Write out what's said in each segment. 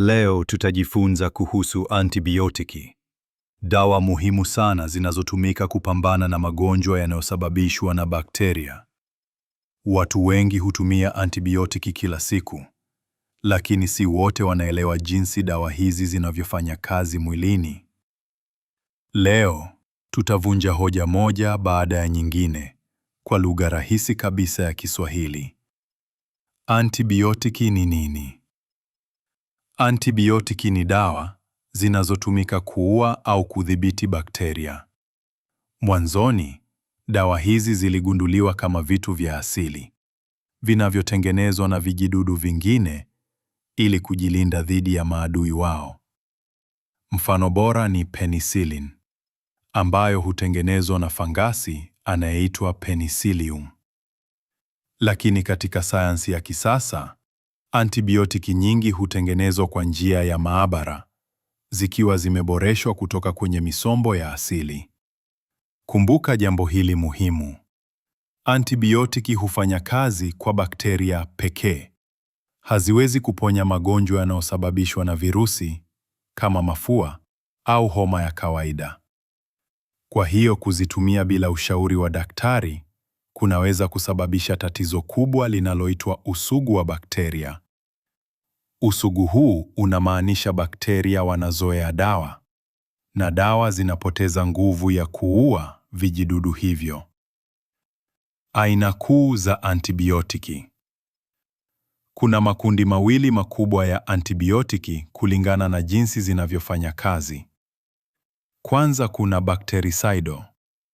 Leo tutajifunza kuhusu antibiotiki, dawa muhimu sana zinazotumika kupambana na magonjwa yanayosababishwa na bakteria. Watu wengi hutumia antibiotiki kila siku, lakini si wote wanaelewa jinsi dawa hizi zinavyofanya kazi mwilini. Leo tutavunja hoja moja baada ya nyingine kwa lugha rahisi kabisa ya Kiswahili. Antibiotiki ni nini? Antibiotiki ni dawa zinazotumika kuua au kudhibiti bakteria. Mwanzoni, dawa hizi ziligunduliwa kama vitu vya asili vinavyotengenezwa na vijidudu vingine ili kujilinda dhidi ya maadui wao. Mfano bora ni penicillin ambayo hutengenezwa na fangasi anayeitwa Penicillium. Lakini katika sayansi ya kisasa, Antibiotiki nyingi hutengenezwa kwa njia ya maabara, zikiwa zimeboreshwa kutoka kwenye misombo ya asili. Kumbuka jambo hili muhimu. Antibiotiki hufanya kazi kwa bakteria pekee. Haziwezi kuponya magonjwa yanayosababishwa na virusi kama mafua au homa ya kawaida. Kwa hiyo kuzitumia bila ushauri wa daktari kunaweza kusababisha tatizo kubwa linaloitwa usugu wa bakteria. Usugu huu unamaanisha bakteria wanazoea dawa na dawa zinapoteza nguvu ya kuua vijidudu hivyo. Aina kuu za antibiotiki. Kuna makundi mawili makubwa ya antibiotiki kulingana na jinsi zinavyofanya kazi. Kwanza kuna baktericidal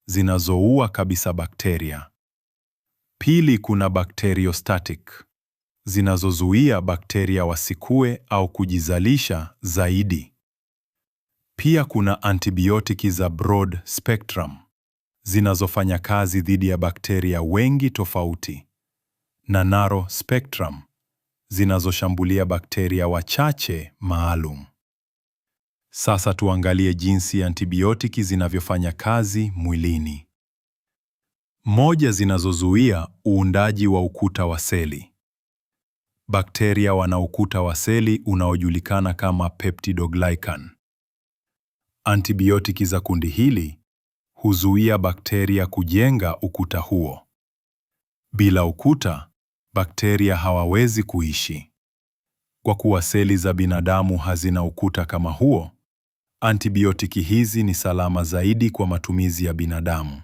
zinazoua kabisa bakteria. Pili, kuna bacteriostatic zinazozuia bakteria wasikue au kujizalisha zaidi. Pia kuna antibiotiki za broad spectrum zinazofanya kazi dhidi ya bakteria wengi tofauti na narrow spectrum zinazoshambulia bakteria wachache maalum. Sasa tuangalie jinsi antibiotiki zinavyofanya kazi mwilini. Moja zinazozuia uundaji wa ukuta wa seli. Bakteria wana ukuta wa seli unaojulikana kama peptidoglycan. Antibiotiki za kundi hili huzuia bakteria kujenga ukuta huo. Bila ukuta, bakteria hawawezi kuishi. Kwa kuwa seli za binadamu hazina ukuta kama huo, antibiotiki hizi ni salama zaidi kwa matumizi ya binadamu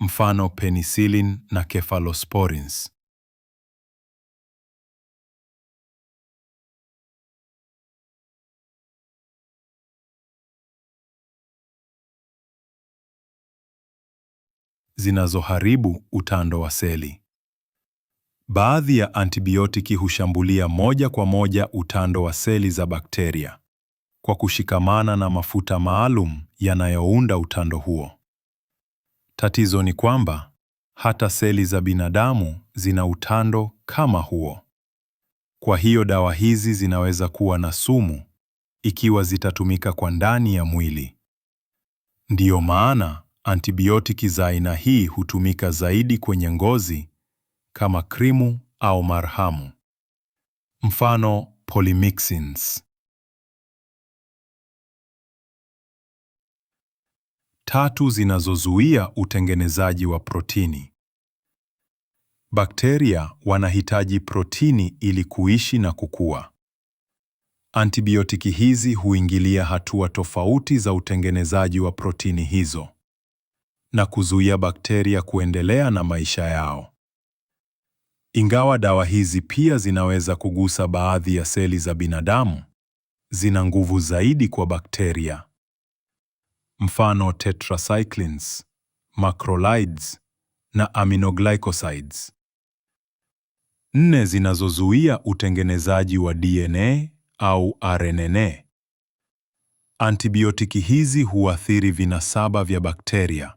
mfano penicillin na cephalosporins. Zinazoharibu utando wa seli. Baadhi ya antibiotiki hushambulia moja kwa moja utando wa seli za bakteria kwa kushikamana na mafuta maalum yanayounda utando huo. Tatizo ni kwamba hata seli za binadamu zina utando kama huo. Kwa hiyo dawa hizi zinaweza kuwa na sumu ikiwa zitatumika kwa ndani ya mwili. Ndiyo maana antibiotiki za aina hii hutumika zaidi kwenye ngozi kama krimu au marhamu. Mfano, polymyxins. tatu zinazozuia utengenezaji wa protini. Bakteria wanahitaji protini ili kuishi na kukua. Antibiotiki hizi huingilia hatua tofauti za utengenezaji wa protini hizo na kuzuia bakteria kuendelea na maisha yao. Ingawa dawa hizi pia zinaweza kugusa baadhi ya seli za binadamu, zina nguvu zaidi kwa bakteria mfano tetracyclines, macrolides na aminoglycosides. Nne zinazozuia utengenezaji wa DNA au RNA. Antibiotiki hizi huathiri vinasaba vya bakteria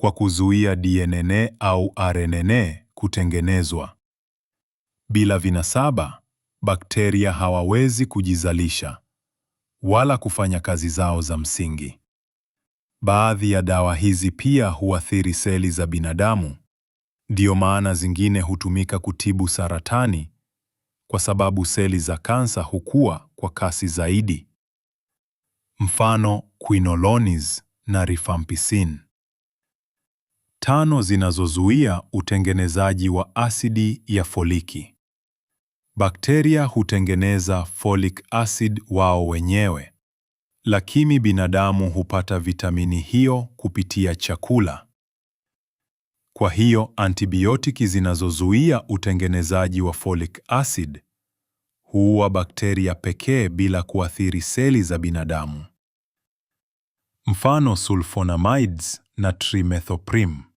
kwa kuzuia DNA au RNA kutengenezwa. Bila vinasaba, bakteria hawawezi kujizalisha wala kufanya kazi zao za msingi. Baadhi ya dawa hizi pia huathiri seli za binadamu. Ndiyo maana zingine hutumika kutibu saratani kwa sababu seli za kansa hukua kwa kasi zaidi. Mfano, quinolones na rifampicin. Tano zinazozuia utengenezaji wa asidi ya foliki. Bakteria hutengeneza folic acid wao wenyewe lakini binadamu hupata vitamini hiyo kupitia chakula. Kwa hiyo antibiotiki zinazozuia utengenezaji wa folic acid huua bakteria pekee bila kuathiri seli za binadamu. Mfano sulfonamides na trimethoprim.